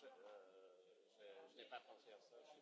je, euh, je n'ai pas pensé à ça. Je...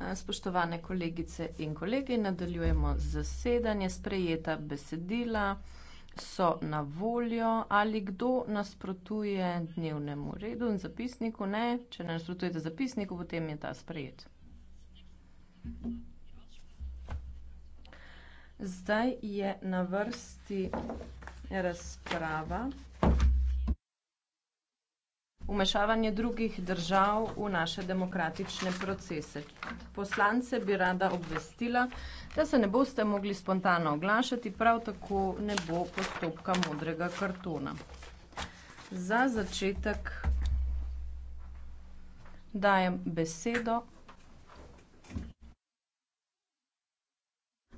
Eh, spoštovane kolegice in kolegi, nadaljujemo z zasedanjem. Sprejeta besedila so na voljo. Ali kdo nasprotuje dnevnemu redu in zapisniku? Ne. Če ne nasprotujete zapisniku, potem je ta sprejet. Zdaj je na vrsti razprava vmešavanje drugih držav v naše demokratične procese. Poslance bi rada obvestila, da se ne boste mogli spontano oglašati, prav tako ne bo postopka modrega kartona. Za začetek dajem besedo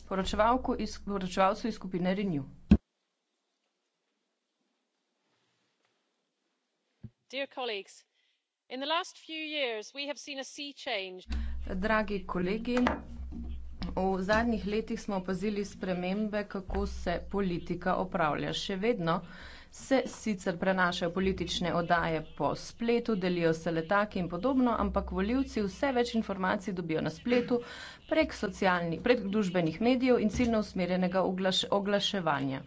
poročevalku iz, poročevalcu iz skupine Renew. dear colleagues in the last few years we have seen a sea change. dragi kolegi. V zadnjih letih smo opazili spremembe, kako se politika opravlja. Še vedno se sicer prenašajo politične oddaje po spletu, delijo se letaki in podobno, ampak voljivci vse več informacij dobijo na spletu prek socialnih, prek družbenih medijev in ciljno usmerjenega oglaš oglaševanja.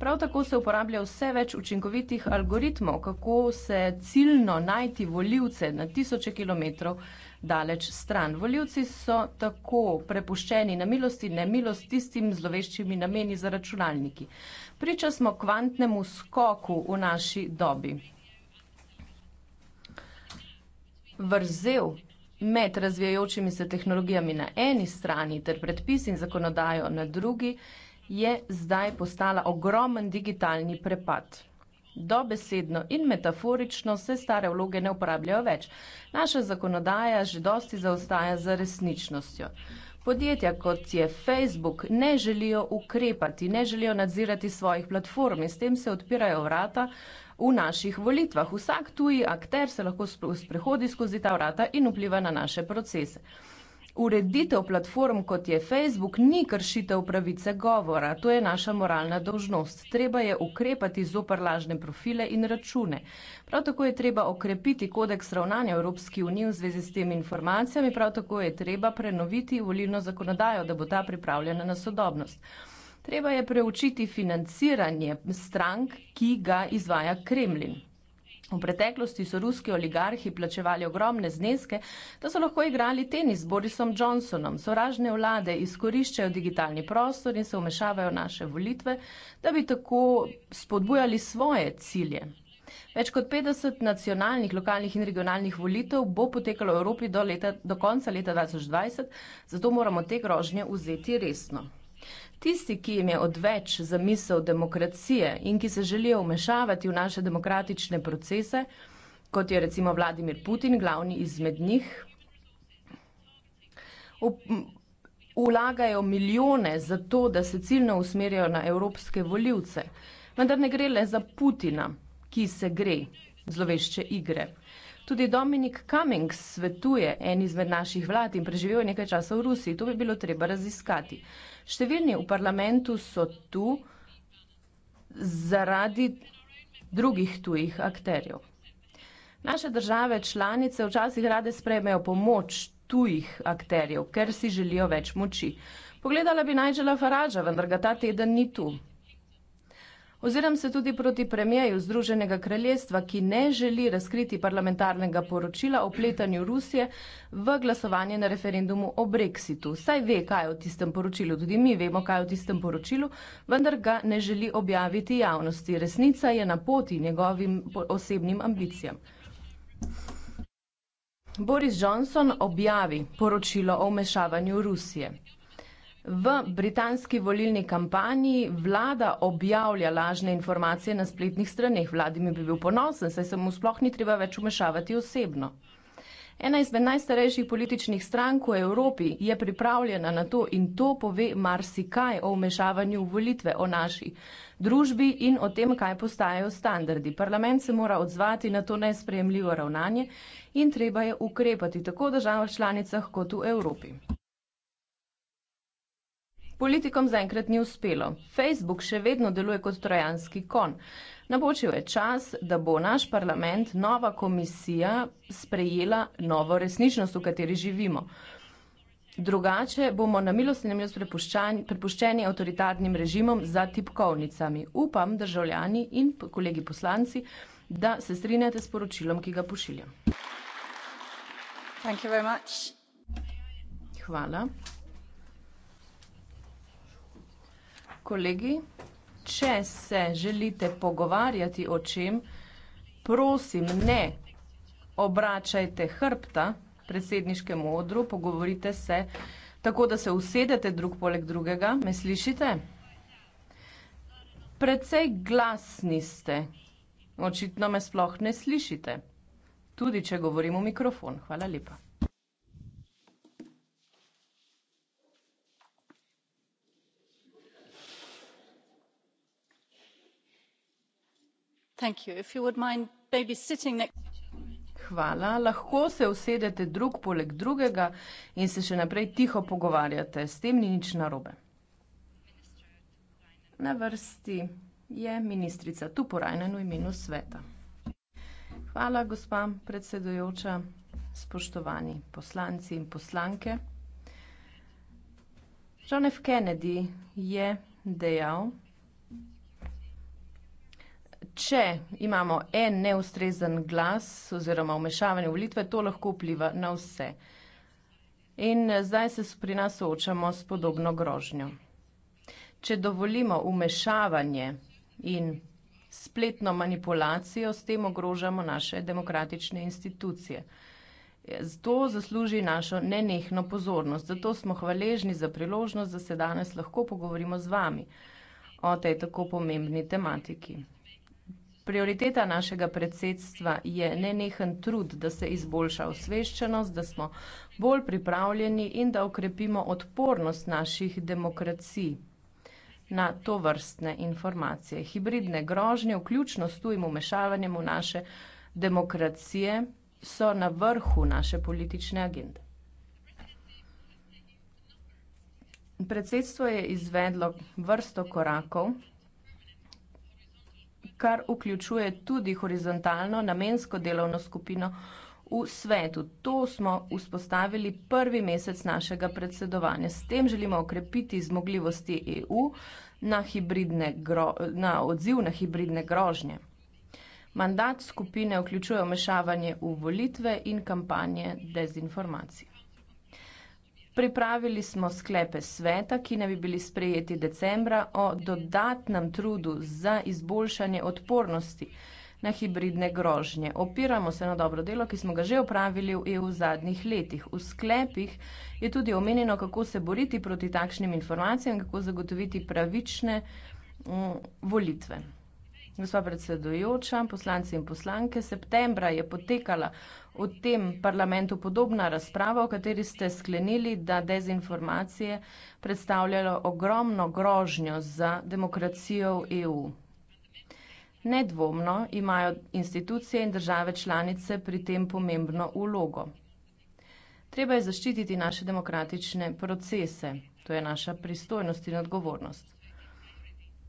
Prav tako se uporablja vse več učinkovitih algoritmov, kako se ciljno najti voljivce na tisoče kilometrov daleč stran. Voljivci so tako prepuščeni na milosti in nemilost tistim zloveščimi nameni za računalniki. Priča smo kvantnemu skoku v naši dobi. Vrzel med razvijajočimi se tehnologijami na eni strani ter predpisi in zakonodajo na drugi je je zdaj postala ogromen digitalni prepad. Dobesedno in metaforično se stare vloge ne uporabljajo več. Naša zakonodaja že dosti zaostaja za resničnostjo. Podjetja kot je Facebook ne želijo ukrepati, ne želijo nadzirati svojih platform in s tem se odpirajo vrata v naših volitvah. Vsak tuji akter se lahko sprehodi skozi ta vrata in vpliva na naše procese ureditev platform, kot je Facebook, ni kršitev pravice govora. To je naša moralna dolžnost. Treba je ukrepati zopr lažne profile in račune. Prav tako je treba okrepiti kodeks ravnanja Evropske unije v zvezi s temi informacijami, prav tako je treba prenoviti volilno zakonodajo, da bo ta pripravljena na sodobnost. Treba je preučiti financiranje strank, ki ga izvaja Kremlin. V preteklosti so ruski oligarhi plačevali ogromne zneske, da so lahko igrali tenis s Borisom Johnsonom. Sovražne vlade izkoriščajo digitalni prostor in se umešavajo naše volitve, da bi tako spodbujali svoje cilje. Več kot 50 nacionalnih, lokalnih in regionalnih volitev bo potekalo v Evropi do, leta, do konca leta 2020, zato moramo te grožnje vzeti resno. Tisti, ki jim je odveč zamisel demokracije in ki se želijo vmešavati v naše demokratične procese, kot je recimo Vladimir Putin, glavni izmed njih, ulagajo milijone za to, da se ciljno usmerjajo na evropske voljivce. Vendar ne gre le za Putina, ki se gre zlovešče igre. Tudi Dominik Cummings svetuje en izmed naših vlad in preživel nekaj časa v Rusiji. To bi bilo treba raziskati. Številni v parlamentu so tu zaradi drugih tujih akterjev. Naše države članice včasih rade sprejmejo pomoč tujih akterjev, ker si želijo več moči. Pogledala bi Nigela Faragea, vendar ga ta teden ni tu. Oziram se tudi proti premijeju Združenega kraljestva, ki ne želi razkriti parlamentarnega poročila o pletanju Rusije v glasovanje na referendumu o Brexitu. Saj ve, kaj je v tistem poročilu, tudi mi vemo, kaj je v tistem poročilu, vendar ga ne želi objaviti javnosti. Resnica je na poti njegovim osebnim ambicijam. Boris Johnson objavi poročilo o vmešavanju Rusije. V britanski volilni kampanji vlada objavlja lažne informacije na spletnih straneh. Vladim bi bil ponosen, saj se mu sploh ni treba več umešavati osebno. Ena izmed najstarejših političnih strank v Evropi je pripravljena na to in to pove marsikaj o umešavanju v volitve, o naši družbi in o tem, kaj postajajo standardi. Parlament se mora odzvati na to nesprejemljivo ravnanje in treba je ukrepati tako v državah članicah kot v Evropi. Politikom zaenkrat ni uspelo. Facebook še vedno deluje kot trojanski kon. Napočil je čas, da bo naš parlament, nova komisija, sprejela novo resničnost, v kateri živimo. Drugače bomo na milost in nemilost prepuščeni, prepuščeni avtoritarnim režimom za tipkovnicami. Upam, državljani in kolegi poslanci, da se strinjate s poročilom, ki ga pošiljam. Hvala. kolegi. Če se želite pogovarjati o čem, prosim, ne obračajte hrbta predsedniškemu odru, pogovorite se tako, da se usedete drug poleg drugega. Me slišite? Precej glasni ste. Očitno me sploh ne slišite. Tudi, če govorim v mikrofon. Hvala lepa. Hvala. Lahko se usedete drug poleg drugega in se še naprej tiho pogovarjate. S tem ni nič narobe. Na vrsti je ministrica Tuporajnen v imenu sveta. Hvala, gospa predsedujoča. Spoštovani poslanci in poslanke. John F. Kennedy je dejal, če imamo en neustrezen glas oziroma vmešavanje volitve, to lahko vpliva na vse. In eh, zdaj se pri nas soočamo s podobno grožnjo. Če dovolimo umešavanje in spletno manipulacijo, s tem ogrožamo naše demokratične institucije. Zato zasluži našo nenehno pozornost. Zato smo hvaležni za priložnost, da se danes lahko pogovorimo z vami o tej tako pomembni tematiki. Prioriteta našega predsedstva je nenehen trud, da se izboljša osveščenost, da smo bolj pripravljeni in da okrepimo odpornost naših demokracij na to vrstne informacije. Hibridne grožnje, vključno s tujim umešavanjem v naše demokracije, so na vrhu naše politične agende. Predsedstvo je izvedlo vrsto korakov kar vključuje tudi horizontalno namensko delovno skupino v svetu. To smo vzpostavili prvi mesec našega predsedovanja. S tem želimo okrepiti zmogljivosti EU na hibridne gro, na odziv na hibridne grožnje. Mandat skupine vključuje vmešavanje v volitve in kampanje dezinformacij. Pripravili smo sklepe sveta, ki ne bi bili sprejeti decembra, o dodatnem trudu za izboljšanje odpornosti na hibridne grožnje. Opiramo se na dobro delo, ki smo ga že opravili v EU v zadnjih letih. V sklepih je tudi omenjeno, kako se boriti proti takšnim informacijam in kako zagotoviti pravične um, volitve. Gospa predsedujoča, poslanci in poslanke, septembra je potekala v tem parlamentu podobna razprava, v kateri ste sklenili, da dezinformacije predstavljajo ogromno grožnjo za demokracijo v EU. Nedvomno imajo institucije in države članice pri tem pomembno ulogo. Treba je zaščititi naše demokratične procese, to je naša pristojnost in odgovornost.